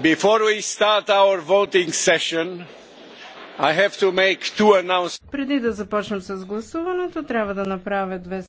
Before we start our voting session, I have to make two announcements. Преди да започнем с гласуването, трябва да направя две